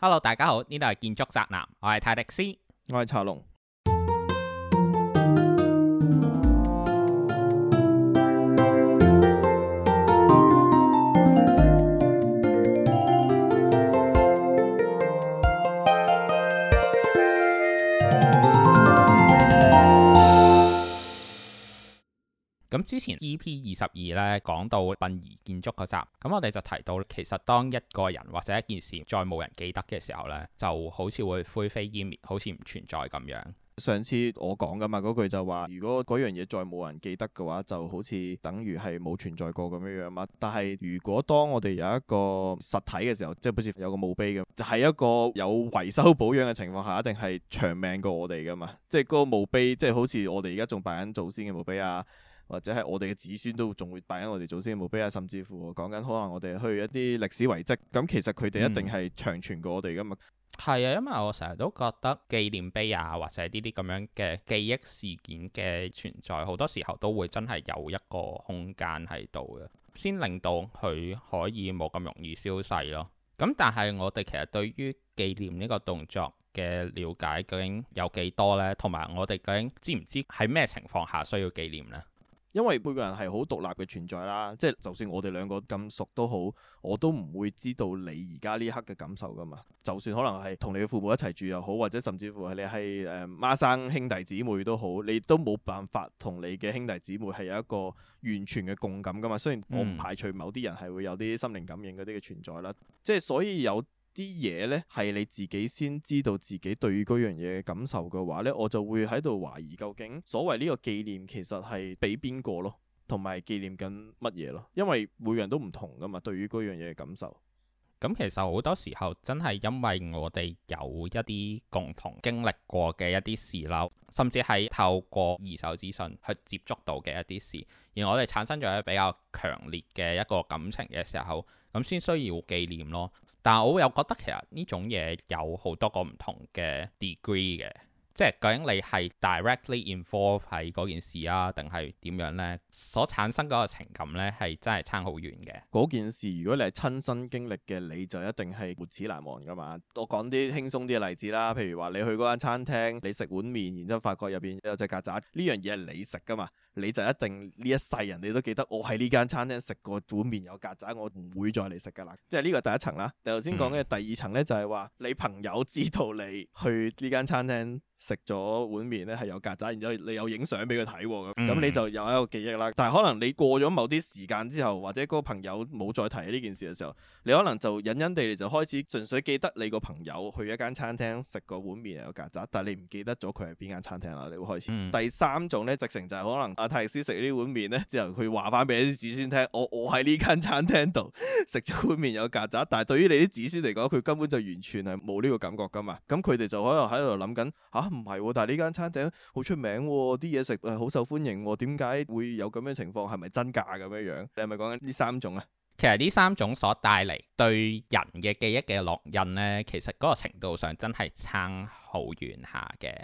Hello，大家好，呢度係建築宅男，我係泰迪斯，我係茶龍。之前 EP 二十二咧，講到殯儀建築嗰集，咁我哋就提到，其實當一個人或者一件事再冇人記得嘅時候呢，就好似會灰飛煙滅，好似唔存在咁樣。上次我講噶嘛，嗰句就話，如果嗰樣嘢再冇人記得嘅話，就好似等於係冇存在過咁樣樣嘛。但係如果當我哋有一個實體嘅時候，即係好似有個墓碑咁，就係一個有維修保養嘅情況下，一定係長命過我哋噶嘛。即係嗰個墓碑，即係好似我哋而家仲擺緊祖先嘅墓碑啊。或者係我哋嘅子孫都仲會拜緊我哋祖先嘅墓碑啊，甚至乎講緊可能我哋去一啲歷史遺跡咁，其實佢哋一定係長存過我哋㗎嘛，係啊、嗯，因為我成日都覺得紀念碑啊，或者呢啲咁樣嘅記憶事件嘅存在，好多時候都會真係有一個空間喺度嘅，先令到佢可以冇咁容易消逝咯。咁但係我哋其實對於紀念呢個動作嘅了解究竟有幾多呢？同埋我哋究竟知唔知喺咩情況下需要紀念呢？因為每個人係好獨立嘅存在啦，即係就算我哋兩個咁熟都好，我都唔會知道你而家呢刻嘅感受噶嘛。就算可能係同你嘅父母一齊住又好，或者甚至乎你係誒孖生兄弟姊妹都好，你都冇辦法同你嘅兄弟姊妹係有一個完全嘅共感噶嘛。雖然我唔排除某啲人係會有啲心靈感應嗰啲嘅存在啦，即係所以有。啲嘢呢，係你自己先知道自己對於嗰樣嘢嘅感受嘅話呢，我就會喺度懷疑究竟所謂呢個紀念其實係俾邊個咯，同埋紀念緊乜嘢咯？因為每個人都唔同噶嘛，對於嗰樣嘢嘅感受。咁其實好多時候真係因為我哋有一啲共同經歷過嘅一啲事蹟，甚至係透過二手資訊去接觸到嘅一啲事，然後我哋產生咗比較強烈嘅一個感情嘅時候，咁先需要紀念咯。但我又覺得其實呢種嘢有好多個唔同嘅 degree 嘅，即係究竟你係 directly involve 喺嗰件事啊，定係點樣呢？所產生嗰個情感呢，係真係差好遠嘅。嗰件事如果你係親身經歷嘅，你就一定係沒齒難忘㗎嘛。多講啲輕鬆啲嘅例子啦，譬如話你去嗰間餐廳，你食碗麵，然之後發覺入邊有隻曱甴，呢樣嘢係你食㗎嘛。你就一定呢一世人，你都記得我喺呢間餐廳食過碗麵有曱甴，我唔會再嚟食噶啦。即係呢個第一層啦。頭先講嘅第二層咧，就係、是、話你朋友知道你去呢間餐廳食咗碗麵咧係有曱甴，然之後你有影相俾佢睇咁，咁你就有一個記憶啦。但係可能你過咗某啲時間之後，或者個朋友冇再提呢件事嘅時候，你可能就隱隱地就開始純粹記得你個朋友去一間餐廳食過碗麵有曱甴，但係你唔記得咗佢係邊間餐廳啦。你會開始、嗯、第三種咧，直情就係可能。泰斯食呢碗麵咧，之後佢話翻俾啲子孫聽，我我喺呢間餐廳度食咗碗麵有曱甴，但係對於你啲子孫嚟講，佢根本就完全係冇呢個感覺噶嘛。咁佢哋就可能喺度諗緊，吓唔係？但係呢間餐廳好出名，啲嘢食好受歡迎，點解會有咁樣情況？係咪真假咁樣樣？你係咪講緊呢三種啊？其實呢三種所帶嚟對人嘅記憶嘅烙印咧，其實嗰個程度上真係差好遠下嘅。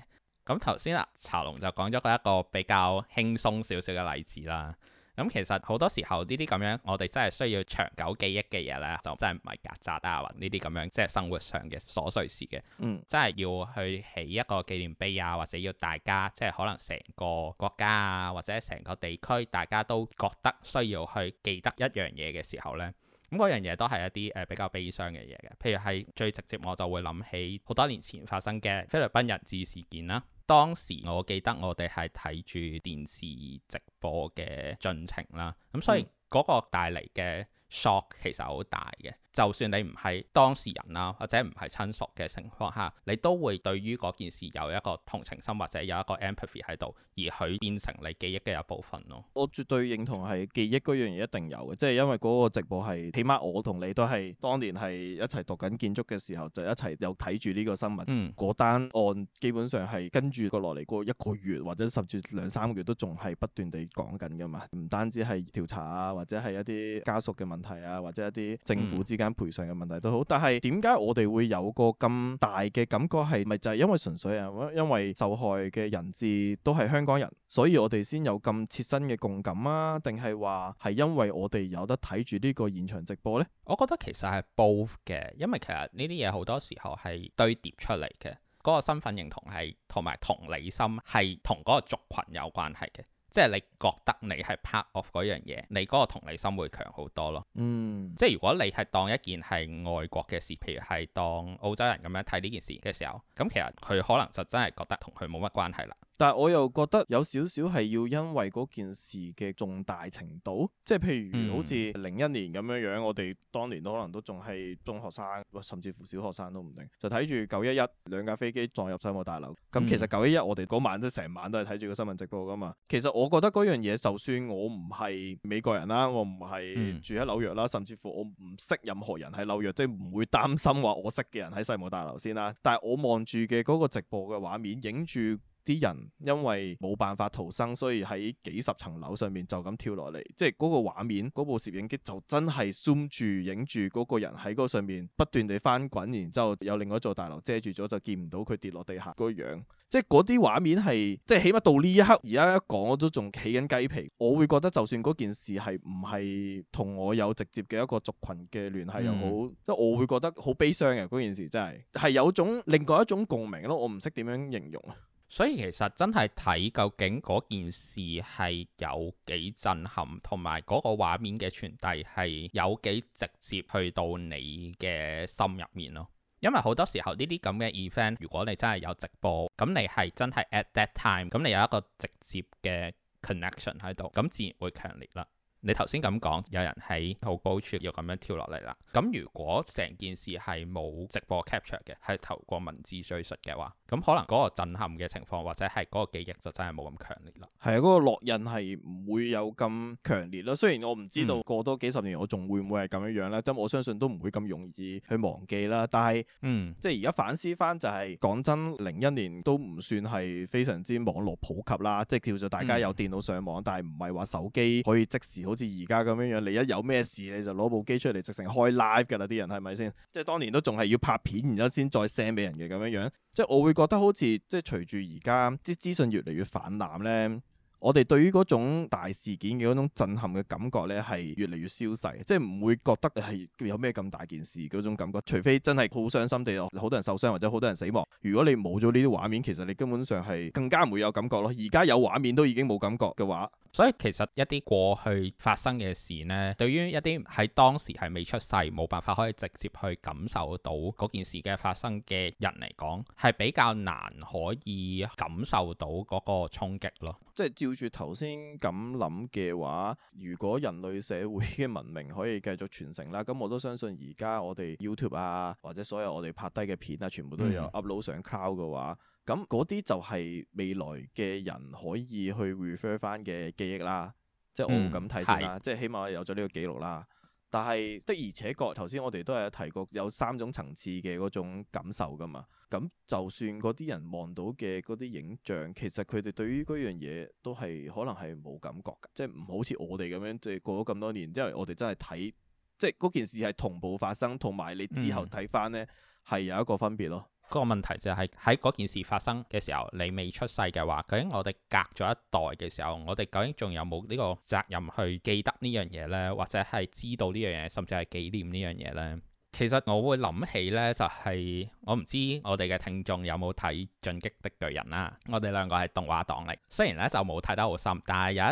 咁頭先啊，茶龍就講咗佢一個比較輕鬆少少嘅例子啦。咁其實好多時候呢啲咁樣，我哋真係需要長久記憶嘅嘢咧，就真係唔係曱甴啊，或呢啲咁樣即係生活上嘅瑣碎事嘅。嗯，真係要去起一個紀念碑啊，或者要大家即係可能成個國家啊，或者成個地區大家都覺得需要去記得一樣嘢嘅時候咧。咁嗰樣嘢都係一啲誒比較悲傷嘅嘢嘅，譬如係最直接我就會諗起好多年前發生嘅菲律賓人質事件啦。當時我記得我哋係睇住電視直播嘅進程啦，咁所以嗰個帶嚟嘅。Shock 其實好大嘅，就算你唔係當事人啊，或者唔係親屬嘅情況下，你都會對於嗰件事有一個同情心或者有一個 empathy 喺度，而佢變成你記憶嘅一部分咯。我絕對認同係記憶嗰樣嘢一定有嘅，即係因為嗰個直播係起碼我同你都係當年係一齊讀緊建築嘅時候，就一齊有睇住呢個新聞。嗯。嗰單案基本上係跟住個落嚟過一個月或者甚至兩三個月都仲係不斷地講緊㗎嘛，唔單止係調查啊，或者係一啲家屬嘅問題。題啊，或者一啲政府之間賠償嘅問題都好，嗯、但係點解我哋會有個咁大嘅感覺，係咪就係因為純粹啊，因為受害嘅人質都係香港人，所以我哋先有咁切身嘅共感啊？定係話係因為我哋有得睇住呢個現場直播呢？我覺得其實係 both 嘅，因為其實呢啲嘢，好多時候係堆疊出嚟嘅，嗰、嗰個身份認同係同埋同理心係同嗰個族群有關係嘅。即係你覺得你係 part of 嗰樣嘢，你嗰個同理心會強好多咯。嗯，即係如果你係當一件係外國嘅事，譬如係當澳洲人咁樣睇呢件事嘅時候，咁其實佢可能就真係覺得同佢冇乜關係啦。但係我又覺得有少少係要因為嗰件事嘅重大程度，即係譬如好似零一年咁樣樣，嗯、我哋當年都可能都仲係中學生，甚至乎小學生都唔定，就睇住九一一兩架飛機撞入世貿大樓。咁、嗯、其實九一一我哋嗰晚，晚都成晚都係睇住個新聞直播噶嘛。其實我覺得嗰樣嘢，就算我唔係美國人啦，我唔係住喺紐約啦，甚至乎我唔識任何人喺紐約，即係唔會擔心話我識嘅人喺世貿大樓先啦。但係我望住嘅嗰個直播嘅畫面，影住啲人因為冇辦法逃生，所以喺幾十層樓上面就咁跳落嚟，即係嗰個畫面，嗰部攝影機就真係 zoom 住影住嗰個人喺嗰上面不斷地翻滾，然之後有另外一座大樓遮住咗，就見唔到佢跌落地下個樣。即係嗰啲畫面，係即係起碼到呢一刻，而家一講，我都仲企緊雞皮。我會覺得就算嗰件事係唔係同我有直接嘅一個族群嘅聯繫又好，嗯、即係我會覺得好悲傷嘅嗰件事真係係有種另外一種共鳴咯。我唔識點樣形容啊～所以其實真係睇究竟嗰件事係有幾震撼，同埋嗰個畫面嘅傳遞係有幾直接去到你嘅心入面咯。因為好多時候呢啲咁嘅 event，如果你真係有直播，咁你係真係 at that time，咁你有一個直接嘅 connection 喺度，咁自然會強烈啦。你頭先咁講，有人喺好高處要咁樣跳落嚟啦。咁如果成件事係冇直播 capture 嘅，係透過文字敘述嘅話，咁可能嗰個震撼嘅情況或者係嗰個記憶就真係冇咁強烈啦。係啊，嗰、嗰個烙印係唔會有咁強烈咯。雖然我唔知道過多幾十年我仲會唔會係咁樣樣咧，咁、嗯、我相信都唔會咁容易去忘記啦。但係，嗯，即係而家反思翻就係、係、講真，零一年都唔算係非常之網絡普及啦，即係叫做大家有電腦上網，嗯、但係唔係話手機可以即時。好似而家咁樣樣，你一有咩事你就攞部機出嚟直成開 live 噶啦，啲人係咪先？即係當年都仲係要拍片，然之後先再 send 俾人嘅咁樣樣。即係我會覺得好似即係隨住而家啲資訊越嚟越泛濫咧。我哋對於嗰種大事件嘅嗰種震撼嘅感覺咧，係越嚟越消逝，即係唔會覺得係、哎、有咩咁大件事嗰種感覺，除非真係好傷心地，好多人受傷或者好多人死亡。如果你冇咗呢啲畫面，其實你根本上係更加唔會有感覺咯。而家有畫面都已經冇感覺嘅話，所以其實一啲過去發生嘅事呢，對於一啲喺當時係未出世、冇辦法可以直接去感受到嗰件事嘅發生嘅人嚟講，係比較難可以感受到嗰個衝擊咯。即係照照住頭先咁諗嘅話，如果人類社會嘅文明可以繼續傳承啦，咁我都相信而家我哋 YouTube 啊，或者所有我哋拍低嘅片啊，全部都有 upload 上 cloud 嘅話，咁嗰啲就係未來嘅人可以去 refer 翻嘅記憶啦。即係我咁睇先啦，嗯、即係起碼有咗呢個記錄啦。但係的而且確，頭先我哋都係有提過有三種層次嘅嗰種感受噶嘛。咁就算嗰啲人望到嘅嗰啲影像，其實佢哋對於嗰樣嘢都係可能係冇感覺㗎，即係唔好似我哋咁樣，即係過咗咁多年之後，我哋真係睇即係嗰件事係同步發生，同埋你之後睇翻咧係有一個分別咯。個問題就係喺嗰件事發生嘅時候，你未出世嘅話，究竟我哋隔咗一代嘅時候，我哋究竟仲有冇呢個責任去記得呢樣嘢呢？或者係知道呢樣嘢，甚至係紀念呢樣嘢呢？其實我會諗起呢，就係、是、我唔知我哋嘅聽眾有冇睇《進擊的巨人、啊》啦。我哋兩個係動畫黨嚟，雖然呢就冇睇得好深，但係有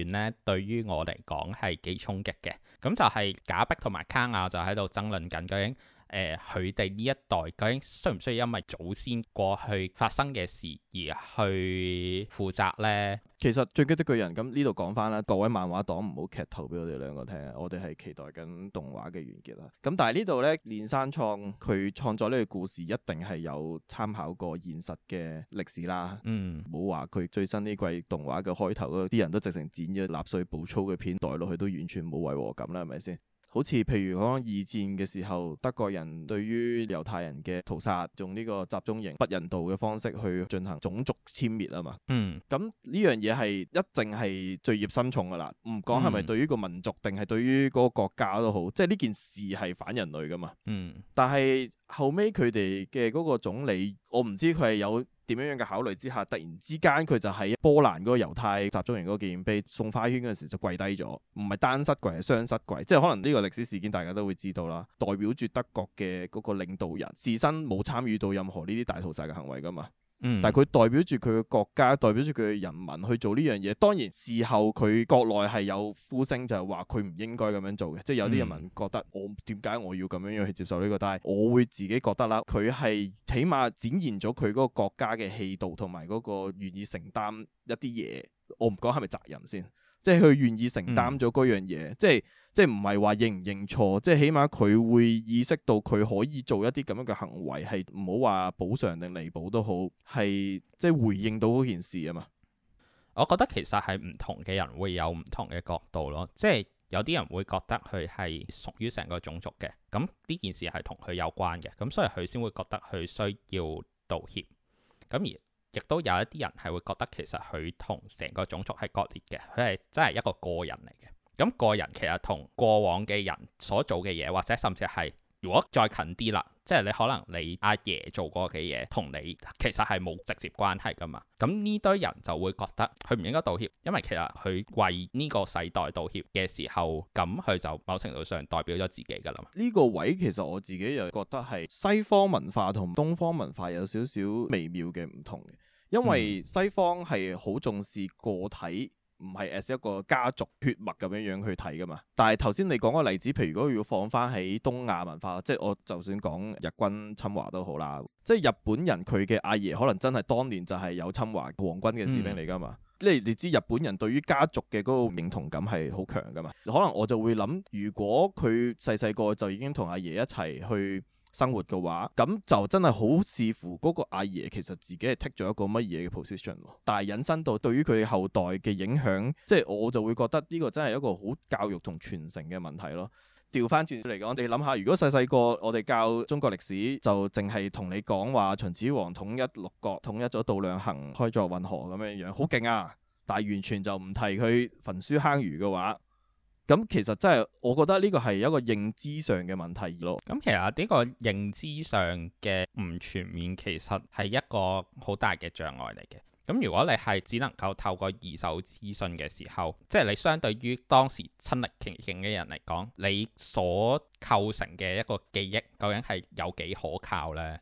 一段呢對於我嚟講係幾衝擊嘅。咁就係賈碧同埋卡亞就喺度爭論緊究竟。誒，佢哋呢一代究竟需唔需要因為祖先過去發生嘅事而去負責咧？其實《進擊的巨人》咁呢度講翻啦，各位漫畫黨唔好劇透俾我哋兩個聽，我哋係期待緊動畫嘅完結啊！咁但係呢度咧，諫山創佢創作呢個故事一定係有參考過現實嘅歷史啦。嗯，冇話佢最新呢季動畫嘅開頭啲人都直情剪咗納粹步操嘅片代落去，都完全冇違和感啦，係咪先？好似譬如講二戰嘅時候，德國人對於猶太人嘅屠殺，用呢個集中營不人道嘅方式去進行種族殲滅啊嘛。嗯，咁呢樣嘢係一定係罪孽深重噶啦，唔講係咪對於個民族定係對於嗰個國家都好，嗯、即係呢件事係反人類噶嘛。嗯，但係後尾，佢哋嘅嗰個總理，我唔知佢係有點樣樣嘅考慮之下，突然之間佢就喺波蘭嗰個猶太集中營嗰個紀念碑送花圈嗰陣時就跪低咗，唔係單膝跪係雙膝跪，即係可能呢個歷史事件大家都會知道啦，代表住德國嘅嗰個領導人自身冇參與到任何呢啲大屠殺嘅行為噶嘛。但係佢代表住佢嘅國家，代表住佢嘅人民去做呢樣嘢。當然事後佢國內係有呼聲，就係話佢唔應該咁樣做嘅。即係有啲人民覺得我點解、嗯、我，我要咁樣樣去接受呢、這個？但係我會自己覺得啦，佢係起碼展現咗佢嗰個國家嘅氣度同埋嗰個願意承擔一啲嘢。我唔講係咪責任先。即係佢願意承擔咗嗰樣嘢，嗯、即係即係唔係話認唔認錯，即係起碼佢會意識到佢可以做一啲咁樣嘅行為，係唔好話補償定彌補都好，係即係回應到嗰件事啊嘛。 我覺得其實係唔同嘅人會有唔同嘅角度咯，即係有啲人會覺得佢係屬於成個種族嘅，咁呢件事係同佢有關嘅，咁所以佢先會覺得佢需要道歉，咁而。亦都有一啲人係會覺得其實佢同成個種族係割裂嘅，佢係真係一個個人嚟嘅。咁個人其實同過往嘅人所做嘅嘢，或者甚至係。如果再近啲啦，即係你可能你阿爺做過嘅嘢，同你其實係冇直接關係噶嘛。咁呢堆人就會覺得佢唔應該道歉，因為其實佢為呢個世代道歉嘅時候，咁佢就某程度上代表咗自己噶啦。呢個位其實我自己又覺得係西方文化同東方文化有少少微妙嘅唔同，因為西方係好重視個體。唔係 as 一個家族血脈咁樣樣去睇噶嘛，但係頭先你講個例子，譬如如果要放返喺東亞文化，即係我就算講日軍侵華都好啦，即係日本人佢嘅阿爺可能真係當年就係有侵華皇軍嘅士兵嚟噶嘛，即係、嗯、你知日本人對於家族嘅嗰個認同感係好強噶嘛，可能我就會諗，如果佢細細個就已經同阿爺一齊去。生活嘅話，咁就真係好視乎嗰個阿爺其實自己係剔咗一個乜嘢嘅 position，但係引申到對於佢後代嘅影響，即係我就會覺得呢個真係一個好教育同傳承嘅問題咯。調翻轉嚟講，你諗下，如果細細個我哋教中國歷史，就淨係同你講話秦始皇統一六國，統一咗度量衡、開咗運河咁樣樣，好勁啊！但係完全就唔提佢焚書坑儒嘅話。咁其實真係，我覺得呢個係一個認知上嘅問題咯。咁其實呢個認知上嘅唔全面，其實係一個好大嘅障礙嚟嘅。咁如果你係只能夠透過二手資訊嘅時候，即係你相對於當時親歷其境嘅人嚟講，你所構成嘅一個記憶，究竟係有幾可靠呢？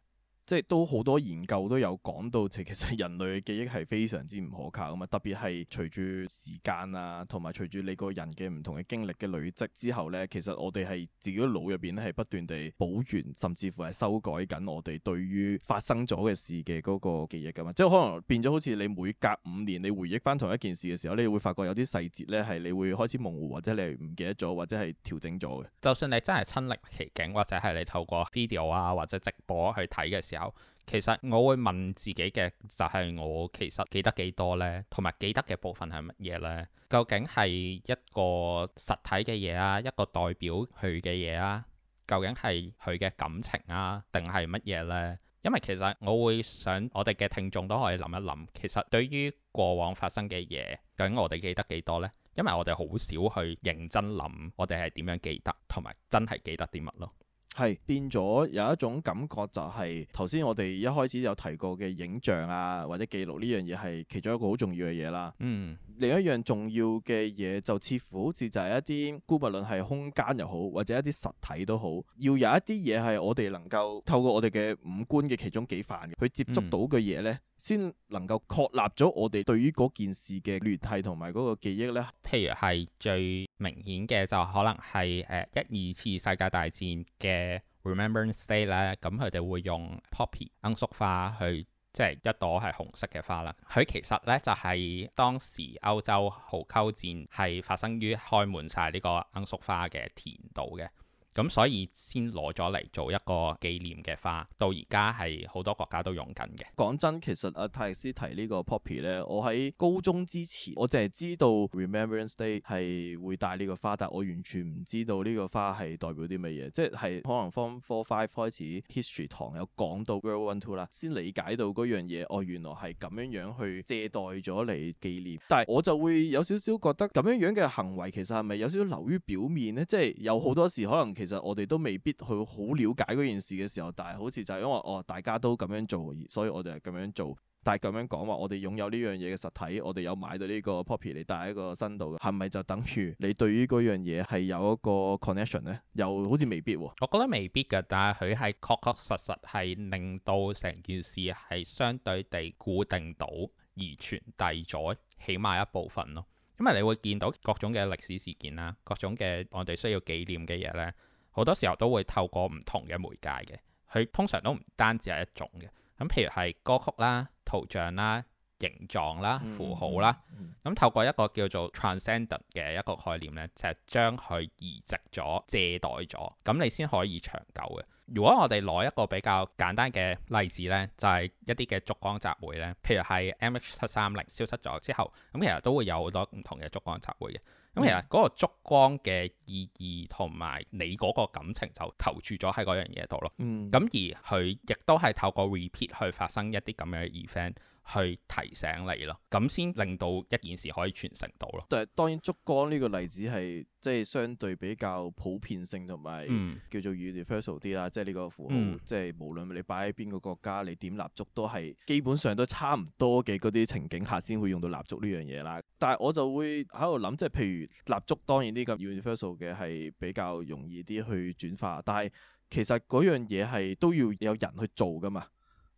即係都好多研究都有講到，其實人類嘅記憶係非常之唔可靠啊嘛。特別係隨住時間啊，同埋隨住你個人嘅唔同嘅經歷嘅累積之後咧，其實我哋係自己腦入邊咧係不斷地補完，甚至乎係修改緊我哋對於發生咗嘅事嘅嗰個記憶噶嘛。即係可能變咗，好似你每隔五年你回憶翻同一件事嘅時候，你會發覺有啲細節咧係你會開始模糊，或者你唔記得咗，或者係調整咗嘅。就算你真係親歷其境，或者係你透過 video 啊或者直播去睇嘅時候。有，其實我會問自己嘅就係我其實記得幾多呢？同埋記得嘅部分係乜嘢呢？究竟係一個實體嘅嘢啊，一個代表佢嘅嘢啊？究竟係佢嘅感情啊，定係乜嘢呢？因為其實我會想，我哋嘅聽眾都可以諗一諗，其實對於過往發生嘅嘢，究竟我哋記得幾多呢？因為我哋好少去認真諗，我哋係點樣記得，同埋真係記得啲乜咯？係變咗有一種感覺，就是，就係頭先我哋一開始有提過嘅影像啊，或者記錄呢樣嘢係其中一個好重要嘅嘢啦。嗯，另一樣重要嘅嘢就似乎好似就係一啲，無論係空間又好，或者一啲實體都好，要有一啲嘢係我哋能夠透過我哋嘅五官嘅其中幾範，去接觸到嘅嘢呢，先、嗯、能夠確立咗我哋對於嗰件事嘅聯繫同埋嗰個記憶呢。譬如係最明顯嘅就可能係誒一二次世界大戰嘅。嘅 Remembrance Day 咧，咁佢哋會用 poppy 罌粟花去，即係一朵係紅色嘅花啦。佢其實咧就係當時歐洲壕溝戰係發生於開滿晒呢個罌粟花嘅田度嘅。咁所以先攞咗嚟做一個紀念嘅花，到而家係好多國家都用緊嘅。講真，其實阿、啊、泰斯提個呢個 poppy 咧，我喺高中之前，我淨係知道 remembrance day 係會戴呢個花，但係我完全唔知道呢個花係代表啲乜嘢。即係可能 form four five 開始 history 堂有講到 world one two 啦，先理解到嗰樣嘢。哦，原來係咁樣樣去借代咗嚟紀念，但係我就會有少少覺得咁樣樣嘅行為其實係咪有少少流於表面咧？即係有好多時可能其實我哋都未必去好了解嗰件事嘅時候，但係好似就係因為哦大家都咁樣做，所以我哋係咁樣做。但係咁樣講話，我哋擁有呢樣嘢嘅實體，我哋有買到呢個 poppy 嚟帶喺個身度嘅，係咪就等於你對於嗰樣嘢係有一個 connection 咧？又好似未必喎、哦。我覺得未必㗎，但係佢係確確實實係令到成件事係相對地固定到而傳遞咗，起碼一部分咯。因為你會見到各種嘅歷史事件啦，各種嘅我哋需要紀念嘅嘢咧。好多時候都會透過唔同嘅媒介嘅，佢通常都唔單止係一種嘅。咁譬如係歌曲啦、圖像啦、形狀啦、符號啦，咁、嗯嗯、透過一個叫做 transcendent 嘅一個概念咧，就係將佢移植咗、借代咗，咁你先可以長久嘅。如果我哋攞一個比較簡單嘅例子咧，就係、是、一啲嘅燭光集會咧，譬如係 MH 七三零消失咗之後，咁其實都會有好多唔同嘅燭光集會嘅。咁其實嗰個燭光嘅意義同埋你嗰個感情就投注咗喺嗰樣嘢度咯。咁、嗯、而佢亦都係透過 repeat 去發生一啲咁樣嘅 event。去提醒你咯，咁先令到一件事可以傳承到咯。但係當然，燭光呢個例子係即係相對比較普遍性同埋叫做 universal 啲啦，嗯、即係呢個符號，嗯、即係無論你擺喺邊個國家，你點蠟燭都係基本上都差唔多嘅嗰啲情景下先會用到蠟燭呢樣嘢啦。但係我就會喺度諗，即係譬如蠟燭，當然呢個 universal 嘅係比較容易啲去轉化，但係其實嗰樣嘢係都要有人去做噶嘛。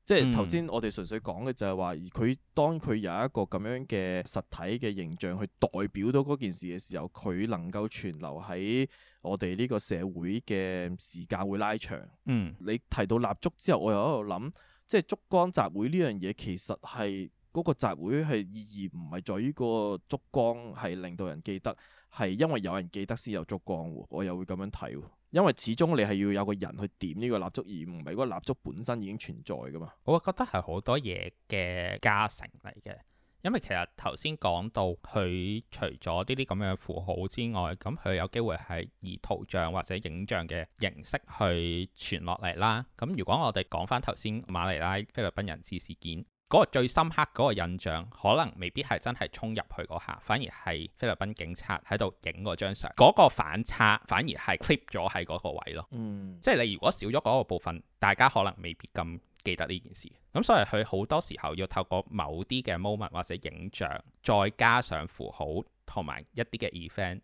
即係頭先我哋純粹講嘅就係話，而佢當佢有一個咁樣嘅實體嘅形象去代表到嗰件事嘅時候，佢能夠存留喺我哋呢個社會嘅時間會拉長。你提到蠟燭之後，我又喺度諗，即係燭光集會呢樣嘢其實係嗰個集會係意義唔係在於個燭光係令到人記得，係因為有人記得先有燭光喎。我又會咁樣睇喎。因為始終你係要有個人去點呢個蠟燭，而唔係嗰個蠟燭本身已經存在噶嘛。我覺得係好多嘢嘅加成嚟嘅，因為其實頭先講到佢除咗呢啲咁樣嘅符號之外，咁佢有機會係以圖像或者影像嘅形式去傳落嚟啦。咁如果我哋講翻頭先馬尼拉菲律賓人質事件。嗰個最深刻嗰個印象，可能未必係真係衝入去嗰下，反而係菲律賓警察喺度影嗰張相，嗰個反差反而係 clip 咗喺嗰個位咯。嗯，即係你如果少咗嗰個部分，大家可能未必咁記得呢件事。咁所以佢好多時候要透過某啲嘅 moment 或者影像，再加上符號同埋一啲嘅 event，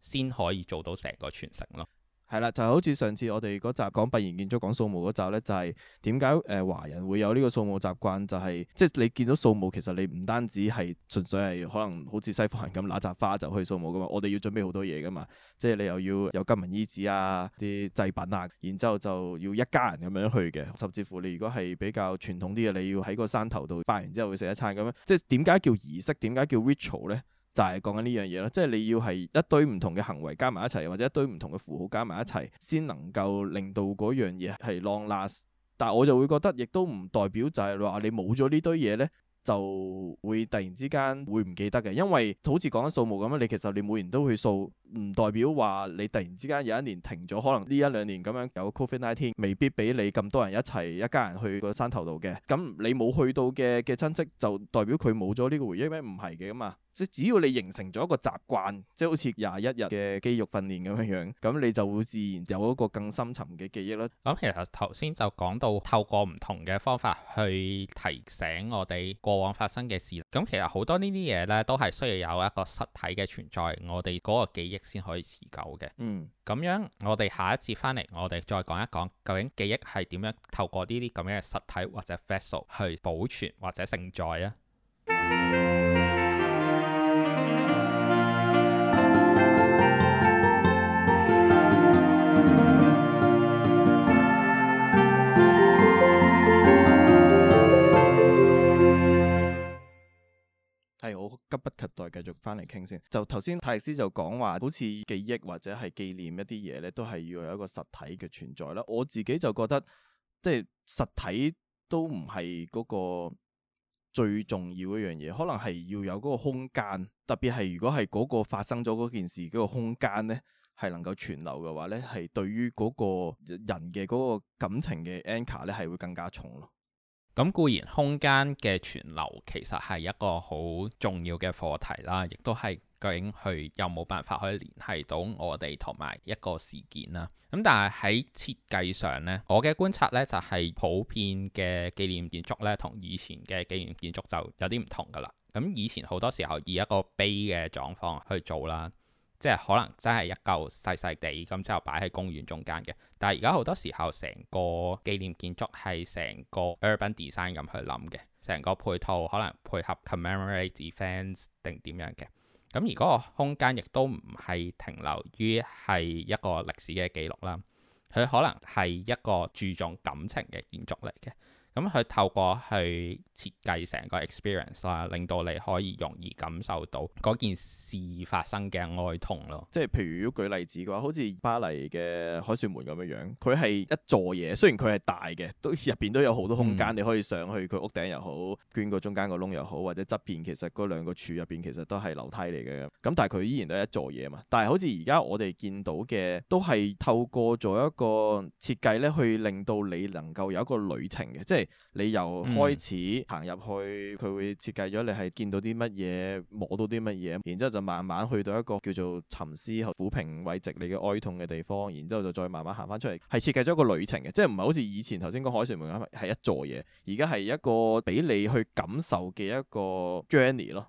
先可以做到成個傳承咯。係啦，就好似上次我哋嗰集講不燃建築》講掃墓嗰集咧，就係點解誒華人會有呢個掃墓習慣？就係即係你見到掃墓，其實你唔單止係純粹係可能好似西方人咁拿紮花就去掃墓噶嘛，我哋要準備好多嘢噶嘛。即係你又要有金銀衣紙啊，啲祭品啊，然之後就要一家人咁樣去嘅，甚至乎你如果係比較傳統啲嘅，你要喺個山頭度拜完之後會食一餐咁樣。即係點解叫儀式？點解叫 ritual 咧？就係講緊呢樣嘢咯，即係你要係一堆唔同嘅行為加埋一齊，或者一堆唔同嘅符號加埋一齊，先能夠令到嗰樣嘢係 long last。但係我就會覺得，亦都唔代表就係話你冇咗呢堆嘢呢，就會突然之間會唔記得嘅。因為好似講緊數目咁樣，你其實你每年都去數，唔代表話你突然之間有一年停咗，可能呢一兩年咁樣有 COVID-19，未必俾你咁多人一齊一家人去個山頭度嘅。咁你冇去到嘅嘅親戚，就代表佢冇咗呢個回憶咩？唔係嘅嘛。即只要你形成咗一個習慣，即係好似廿一日嘅肌肉訓練咁樣樣，咁你就會自然有一個更深沉嘅記憶咯。咁其實頭先就講到透過唔同嘅方法去提醒我哋過往發生嘅事。咁其實好多呢啲嘢呢，都係需要有一個實體嘅存在，我哋嗰個記憶先可以持久嘅。嗯，咁樣我哋下一節翻嚟，我哋再講一講究竟記憶係點樣透過呢啲咁樣嘅實體或者 vessel 去保存或者盛載啊？嗯係我急不及待繼續翻嚟傾先。就頭先泰斯就講話，好似記憶或者係紀念一啲嘢咧，都係要有一個實體嘅存在啦。我自己就覺得，即係實體都唔係嗰個最重要一樣嘢，可能係要有嗰個空間。特別係如果係嗰個發生咗嗰件事，嗰個空間咧，係能夠存留嘅話咧，係對於嗰個人嘅嗰個感情嘅 anchor 咧，係會更加重咯。咁固然空間嘅存留其實係一個好重要嘅課題啦，亦都係究竟佢有冇辦法可以聯繫到我哋同埋一個事件啦。咁但係喺設計上呢，我嘅觀察呢就係普遍嘅紀念建築呢，同以前嘅紀念建築就有啲唔同噶啦。咁以前好多時候以一個碑嘅狀況去做啦。即係可能真係一嚿細細地咁之後擺喺公園中間嘅，但係而家好多時候成個紀念建築係成個 urban design 咁去諗嘅，成個配套可能配合 commemorate defense 定點樣嘅，咁而嗰個空間亦都唔係停留於係一個歷史嘅記錄啦，佢可能係一個注重感情嘅建築嚟嘅。咁佢透過去設計成個 experience 啦，令到你可以容易感受到嗰件事發生嘅哀痛咯。即係譬如如果舉例子嘅話，好似巴黎嘅凱旋門咁樣樣，佢係一座嘢，雖然佢係大嘅，都入邊都有好多空間，嗯、你可以上去佢屋頂又好，捐個中間個窿又好，或者側邊其實嗰兩個柱入邊其實都係樓梯嚟嘅。咁但係佢依然都係一座嘢嘛。但係好似而家我哋見到嘅，都係透過咗一個設計咧，去令到你能夠有一個旅程嘅，即係。你由開始行入去，佢會設計咗你係見到啲乜嘢，摸到啲乜嘢，然之後就慢慢去到一個叫做沉思、撫平、慰藉你嘅哀痛嘅地方，然之後就再慢慢行翻出嚟，係設計咗一個旅程嘅，即係唔係好似以前頭先講海船門咁係一座嘢，而家係一個俾你去感受嘅一個 journey 咯。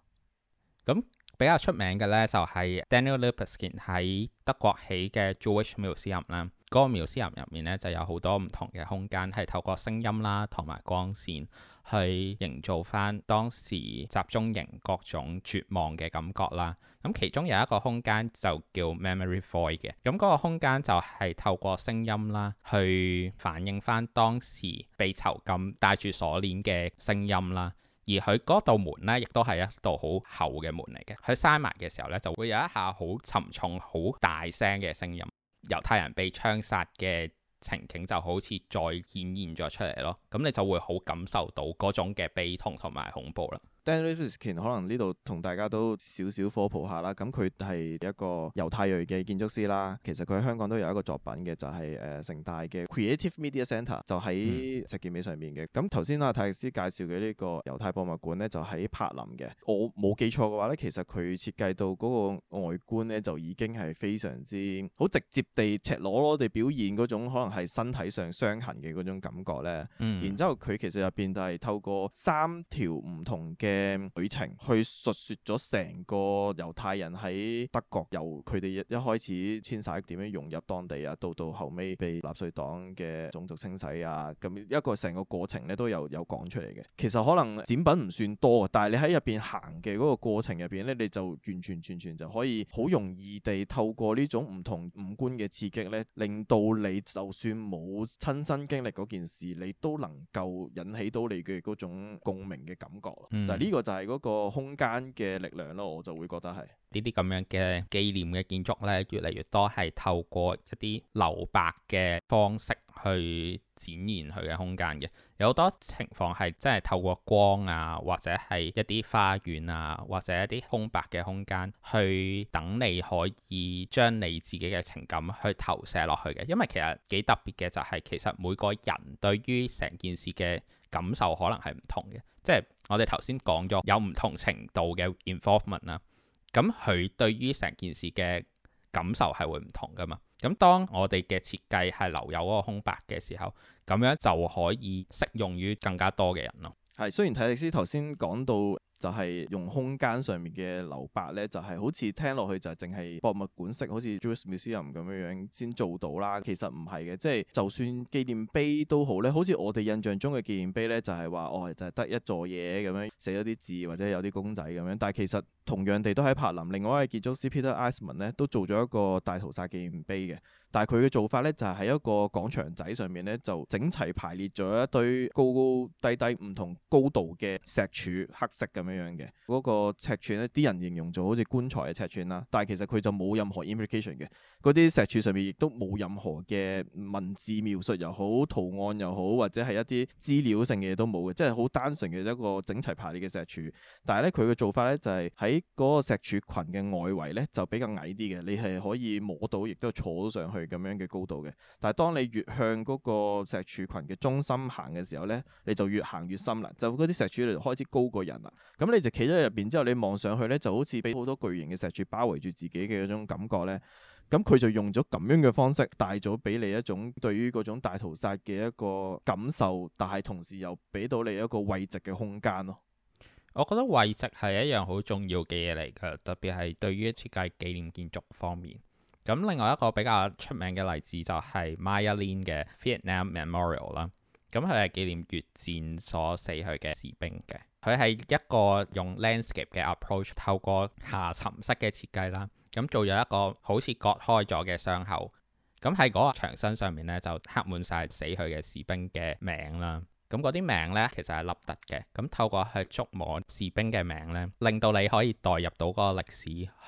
咁、嗯、比較出名嘅呢，就係 Daniel Libeskind 喺德國起嘅 Jewish Museum 啦。嗰個 museum 入面咧，就有好多唔同嘅空間，係透過聲音啦同埋光線去營造翻當時集中營各種絕望嘅感覺啦。咁其中有一個空間就叫 Memory Void 嘅。咁嗰個空間就係透過聲音啦，去反映翻當時被囚禁戴住鎖鏈嘅聲音啦。而佢嗰道門咧，亦都係一道好厚嘅門嚟嘅。佢閂埋嘅時候咧，就會有一下好沉重、好大聲嘅聲音。猶太人被槍殺嘅情景就好似再顯現咗出嚟咯，咁你就會好感受到嗰種嘅悲痛同埋恐怖啦。Daniel Libeskind 可能呢度同大家都少少科普下啦，咁佢係一個猶太裔嘅建築師啦。其實佢喺香港都有一個作品嘅，就係、是、誒、呃、城大嘅 Creative Media Centre，就喺石硤尾上面嘅。咁頭先阿泰師介紹嘅呢個猶太博物館咧，就喺、是、柏林嘅。我冇記錯嘅話咧，其實佢設計到嗰個外觀咧，就已經係非常之好直接地赤裸裸地表現嗰種可能係身體上傷痕嘅嗰種感覺咧。嗯。然之後佢其實入邊就係透過三條唔同嘅嘅旅程去述說咗成個猶太人喺德國，由佢哋一開始遷徙點樣融入當地啊，到到後尾被納粹黨嘅種族清洗啊，咁一個成個過程咧都有有講出嚟嘅。其實可能展品唔算多，但係你喺入邊行嘅嗰個過程入邊咧，你就完全全全就可以好容易地透過呢種唔同五官嘅刺激咧，令到你就算冇親身經歷嗰件事，你都能夠引起到你嘅嗰種共鳴嘅感覺。呢個就係嗰個空間嘅力量咯，我就會覺得係呢啲咁樣嘅紀念嘅建築呢，越嚟越多係透過一啲留白嘅方式去展現佢嘅空間嘅。有好多情況係真係透過光啊，或者係一啲花園啊，或者一啲空白嘅空間去等你可以將你自己嘅情感去投射落去嘅。因為其實幾特別嘅就係其實每個人對於成件事嘅感受可能係唔同嘅，即係。我哋頭先講咗有唔同程度嘅 involvement 啦，咁佢對於成件事嘅感受係會唔同噶嘛？咁當我哋嘅設計係留有嗰個空白嘅時候，咁樣就可以適用於更加多嘅人咯。係，雖然泰力斯頭先講到。就係用空間上面嘅留白呢，就係、是、好似聽落去就係淨係博物館式，好似 Jewish Museum 咁樣樣先做到啦。其實唔係嘅，即、就、係、是、就算紀念碑都好呢，好似我哋印象中嘅紀念碑呢，就係、是、話哦，就係、是、得一座嘢咁樣寫咗啲字或者有啲公仔咁樣。但係其實同樣地都喺柏林，另外一個建築師 Peter Eisenman 呢，都做咗一個大屠殺紀念碑嘅。但係佢嘅做法咧，就係、是、喺一個廣場仔上面咧，就整齊排列咗一堆高高低低、唔同高度嘅石柱、黑色咁樣樣嘅，嗰個尺寸咧，啲人形容做好似棺材嘅尺寸啦。但係其實佢就冇任何 implication 嘅，啲石柱上面亦都冇任何嘅文字描述又好、圖案又好，或者係一啲資料性嘅嘢都冇嘅，即係好單純嘅一個整齊排列嘅石柱。但係咧，佢嘅做法咧就係、是、喺個石柱群嘅外圍咧，就比較矮啲嘅，你係可以摸到，亦都坐到上去。咁樣嘅高度嘅，但係當你越向嗰個石柱群嘅中心行嘅時候呢，你就越行越深啦，就嗰啲石柱就開始高過人啦。咁你就企咗入邊之後，你望上去呢，就好似俾好多巨型嘅石柱包圍住自己嘅嗰種感覺呢。咁佢就用咗咁樣嘅方式，帶咗俾你一種對於嗰種大屠殺嘅一個感受，但係同時又俾到你一個慰藉嘅空間咯。我覺得慰藉係一樣好重要嘅嘢嚟㗎，特別係對於設計紀念建築方面。咁另外一個比較出名嘅例子就係 Maya Lin 嘅 Vietnam Memorial 啦，咁佢係紀念越戰所死去嘅士兵嘅，佢係一個用 landscape 嘅 approach，透過下沉式嘅設計啦，咁做咗一個好似割開咗嘅傷口，咁喺嗰個牆身上面咧就刻滿晒死去嘅士兵嘅名啦。咁嗰啲名呢，其實係凹凸嘅。咁透過去觸摸士兵嘅名呢，令到你可以代入到嗰個歷史，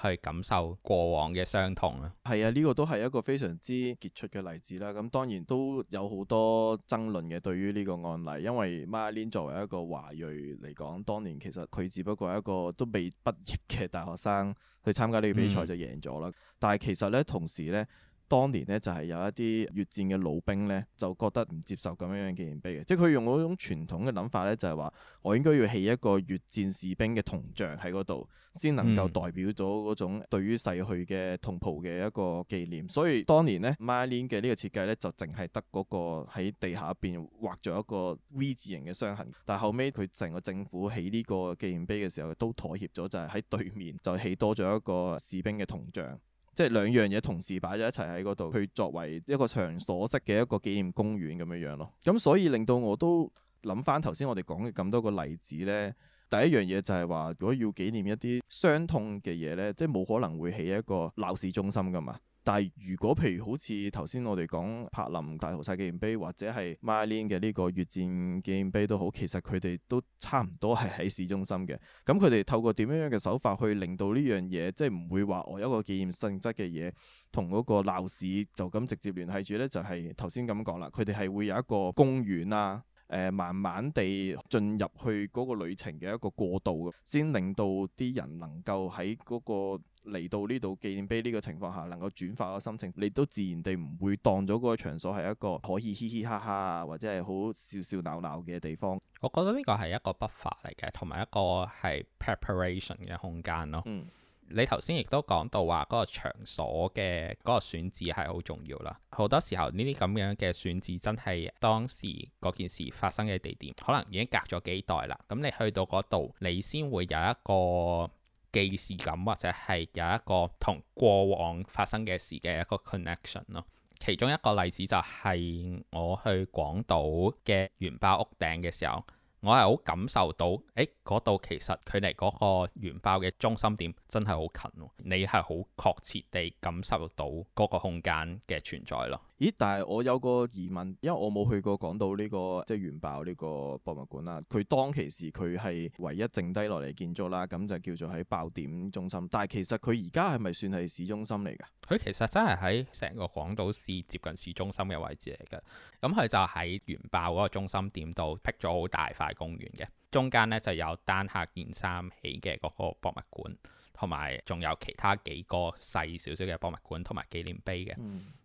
去感受過往嘅傷痛啊。係啊，呢、這個都係一個非常之傑出嘅例子啦。咁當然都有好多爭論嘅，對於呢個案例，因為馬連作為一個華裔嚟講，當年其實佢只不過係一個都未畢業嘅大學生去參加呢個比賽就贏咗啦。嗯、但係其實呢，同時呢。當年咧就係有一啲越戰嘅老兵咧，就覺得唔接受咁樣嘅紀念碑嘅，即係佢用嗰種傳統嘅諗法咧，就係話我應該要起一個越戰士兵嘅銅像喺嗰度，先能夠代表咗嗰種對於逝去嘅同袍嘅一個紀念。嗯、所以當年呢，Maya Lin 嘅呢個設計咧，就淨係得嗰個喺地下邊畫咗一個 V 字形嘅傷痕。但係後尾，佢成個政府起呢個紀念碑嘅時候，都妥協咗，就係喺對面就起多咗一個士兵嘅銅像。即係兩樣嘢同時擺咗一齊喺嗰度，去作為一個場所式嘅一個紀念公園咁樣樣咯。咁所以令到我都諗翻頭先，我哋講嘅咁多個例子呢。第一樣嘢就係話，如果要紀念一啲傷痛嘅嘢呢，即係冇可能會起一個鬧市中心噶嘛。但係如果譬如好似頭先我哋講柏林大屠殺紀念碑，或者係 Marlin 嘅呢個越戰紀念碑都好，其實佢哋都差唔多係喺市中心嘅。咁佢哋透過點樣樣嘅手法去令到呢樣嘢即係唔會話我有一個紀念性質嘅嘢同嗰個鬧市就咁直接聯繫住咧，就係頭先咁講啦。佢哋係會有一個公園啊。誒、呃、慢慢地進入去嗰個旅程嘅一個過渡，先令到啲人能夠喺嗰個嚟到呢度紀念碑呢個情況下，能夠轉化個心情。你都自然地唔會當咗嗰個場所係一個可以嘻嘻哈哈啊，或者係好笑笑鬧鬧嘅地方。我覺得呢個係一個 buffer 嚟嘅，同埋一個係 preparation 嘅空間咯。嗯。你頭先亦都講到話嗰個場所嘅嗰個選址係好重要啦，好多時候呢啲咁樣嘅選址真係當時嗰件事發生嘅地點，可能已經隔咗幾代啦。咁你去到嗰度，你先會有一個既視感，或者係有一個同過往發生嘅事嘅一個 connection 咯。其中一個例子就係我去廣島嘅原爆屋頂嘅時候。我係好感受到，誒嗰度其實距離嗰個原爆嘅中心點真係好近，啊，你係好確切地感受到嗰個空間嘅存在咯。咦，但係我有個疑問，因為我冇去過廣島呢、這個即係原爆呢個博物館啦。佢當其時佢係唯一剩低落嚟建築啦，咁就叫做喺爆點中心。但係其實佢而家係咪算係市中心嚟㗎？佢其實真係喺成個廣島市接近市中心嘅位置嚟㗎。咁、嗯、佢就喺原爆嗰個中心點度劈咗好大塊公園嘅，中間呢就有丹下健三起嘅嗰個博物館。同埋仲有其他幾個細少少嘅博物館同埋紀念碑嘅，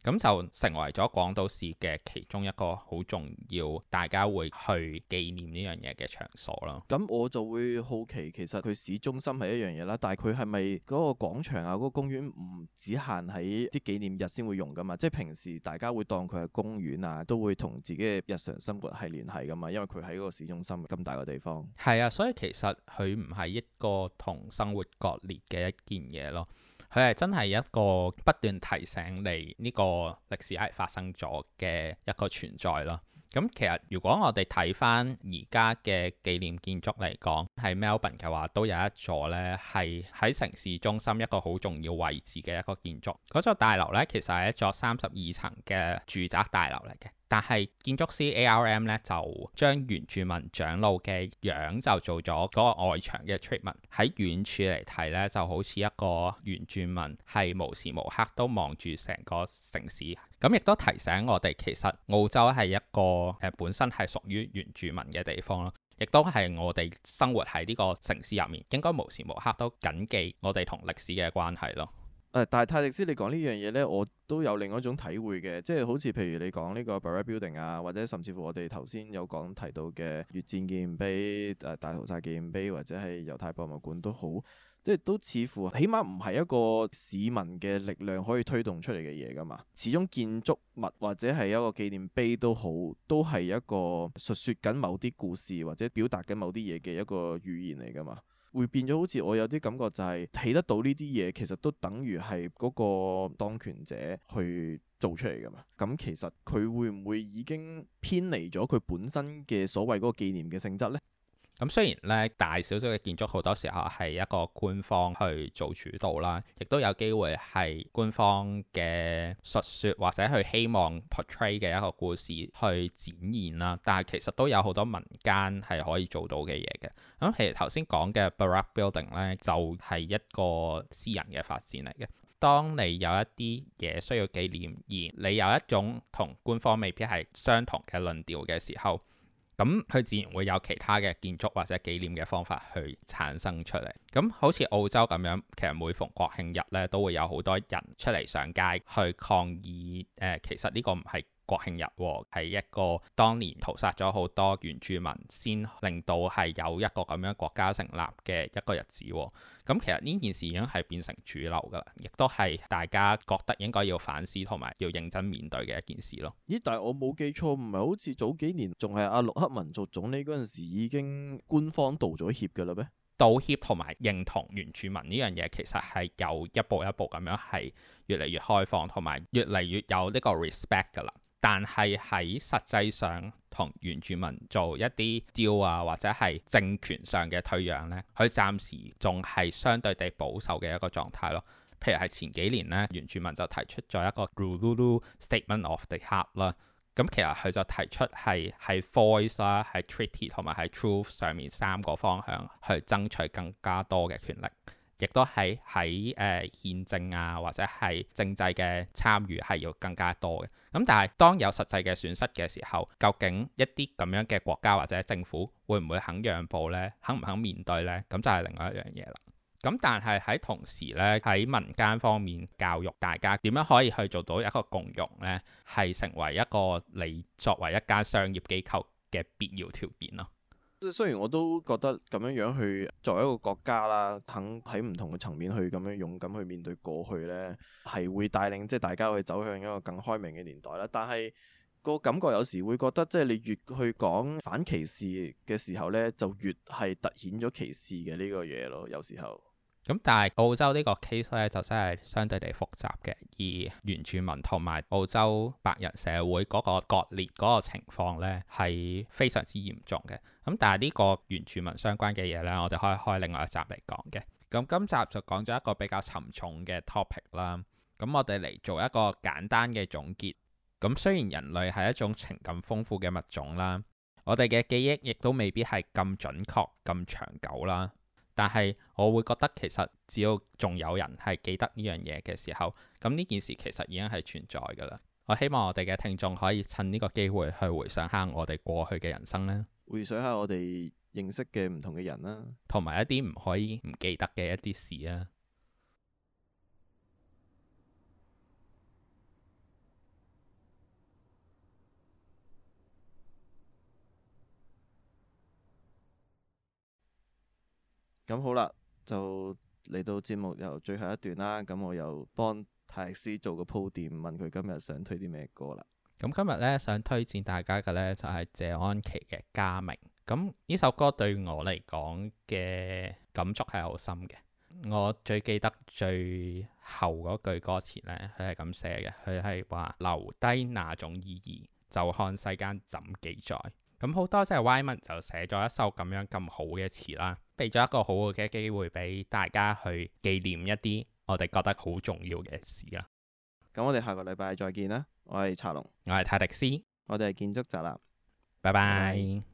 咁就成為咗廣島市嘅其中一個好重要，大家會去紀念呢樣嘢嘅場所咯、嗯。咁我就會好奇，其實佢市中心係一樣嘢啦，但係佢係咪嗰個廣場啊、嗰、嗰個公園唔只限喺啲紀念日先會用噶嘛？即係平時大家會當佢係公園啊，都會同自己嘅日常生活係聯繫噶嘛？因為佢喺嗰個市中心咁大個地方。係啊，所以其實佢唔係一個同生活割裂嘅一件嘢咯，佢係真係一個不斷提醒你呢個歷史係發生咗嘅一個存在咯。咁其實如果我哋睇翻而家嘅紀念建築嚟講，係 Melbourne 嘅話都有一座咧，係喺城市中心一個好重要位置嘅一個建築。嗰座大樓咧，其實係一座三十二層嘅住宅大樓嚟嘅。但係建築師 ARM 咧就將原住民長老嘅樣就做咗嗰個外牆嘅 Treatment，喺遠處嚟睇咧就好似一個原住民係無時無刻都望住成個城市，咁亦都提醒我哋其實澳洲係一個誒、呃、本身係屬於原住民嘅地方咯，亦都係我哋生活喺呢個城市入面應該無時無刻都謹記我哋同歷史嘅關係咯。誒，但係泰迪斯，你講呢樣嘢呢，我都有另外一種體會嘅，即係好似譬如你講呢個 Barak Building 啊，或者甚至乎我哋頭先有講提到嘅越戰紀念碑、誒大屠殺紀念碑或者係猶太博物館都好，即係都似乎起碼唔係一個市民嘅力量可以推動出嚟嘅嘢㗎嘛。始終建築物或者係一個紀念碑都好，都係一個述說緊某啲故事或者表達緊某啲嘢嘅一個語言嚟㗎嘛。會變咗好似我有啲感覺就係睇得到呢啲嘢，其實都等於係嗰個當權者去做出嚟㗎嘛。咁其實佢會唔會已經偏離咗佢本身嘅所謂嗰個紀念嘅性質咧？咁雖然咧大少少嘅建築好多時候係一個官方去做主導啦，亦都有機會係官方嘅述説或者佢希望 portray 嘅一個故事去展現啦，但係其實都有好多民間係可以做到嘅嘢嘅。咁其實頭先講嘅 Barak Building 咧就係、是、一個私人嘅發展嚟嘅。當你有一啲嘢需要紀念而你有一種同官方未必係相同嘅論調嘅時候，咁佢自然會有其他嘅建築或者紀念嘅方法去產生出嚟。咁好似澳洲咁樣，其實每逢國慶日咧，都會有好多人出嚟上街去抗議。誒、呃，其實呢個唔係。國慶日係一個當年屠殺咗好多原住民，先令到係有一個咁樣國家成立嘅一個日子。咁其實呢件事已經係變成主流噶啦，亦都係大家覺得應該要反思同埋要認真面對嘅一件事咯。咦？但係我冇記錯，唔係好似早幾年仲係阿陸克民族總理嗰陣時已經官方道咗歉噶啦咩？道歉同埋認同原住民呢樣嘢，其實係有一步一步咁樣係越嚟越開放同埋越嚟越有呢個 respect 噶啦。但係喺實際上同原住民做一啲 deal 啊，或者係政權上嘅退讓呢，佢暫時仲係相對地保守嘅一個狀態咯。譬如係前幾年呢，原住民就提出咗一個 Uluru Statement of the Heart 啦。咁、嗯、其實佢就提出係喺 voice 啦、喺 treaty 同埋喺 truth 上面三個方向去爭取更加多嘅權力。亦都係喺誒憲政啊，或者係政制嘅參與係要更加多嘅。咁但係當有實際嘅損失嘅時候，究竟一啲咁樣嘅國家或者政府會唔會肯讓步咧？肯唔肯面對咧？咁就係另外一樣嘢啦。咁但係喺同時咧，喺民間方面教育大家點樣可以去做到一個共用咧，係成為一個你作為一間商業機構嘅必要條件咯。即雖然我都覺得咁樣樣去作為一個國家啦，肯喺唔同嘅層面去咁樣勇敢去面對過去咧，係會帶領即係大家去走向一個更開明嘅年代啦。但係個感覺有時會覺得，即係你越去講反歧視嘅時候咧，就越係凸顯咗歧視嘅呢個嘢咯。有時候。咁但係澳洲呢個 case 咧，就真係相對地複雜嘅。而原住民同埋澳洲白人社會嗰個割裂嗰個情況呢，係非常之嚴重嘅。咁但係呢個原住民相關嘅嘢呢，我哋可以開另外一集嚟講嘅。咁今集就講咗一個比較沉重嘅 topic 啦。咁我哋嚟做一個簡單嘅總結。咁雖然人類係一種情感豐富嘅物種啦，我哋嘅記憶亦都未必係咁準確、咁長久啦。但係我會覺得其實只要仲有人係記得呢樣嘢嘅時候，咁呢件事其實已經係存在噶啦。我希望我哋嘅聽眾可以趁呢個機會去回想下我哋過去嘅人生咧，回想下我哋認識嘅唔同嘅人啦，同埋一啲唔可以唔記得嘅一啲事啊。咁好啦，就嚟到節目由最後一段啦。咁我又幫泰斯做個鋪墊，問佢今日想推啲咩歌啦。咁今日呢，想推薦大家嘅呢，就係謝安琪嘅《家明》。咁呢首歌對我嚟講嘅感觸係好深嘅。我最記得最後嗰句歌詞呢，佢係咁寫嘅，佢係話留低那種意義，就看世間怎記載。咁好多謝 Wyman 就寫咗一首咁樣咁好嘅詞啦，俾咗一個好好嘅機會俾大家去紀念一啲我哋覺得好重要嘅事啦。咁我哋下個禮拜再見啦。我係茶龍，我係泰迪斯，我哋係建築宅男，拜拜 bye。Bye bye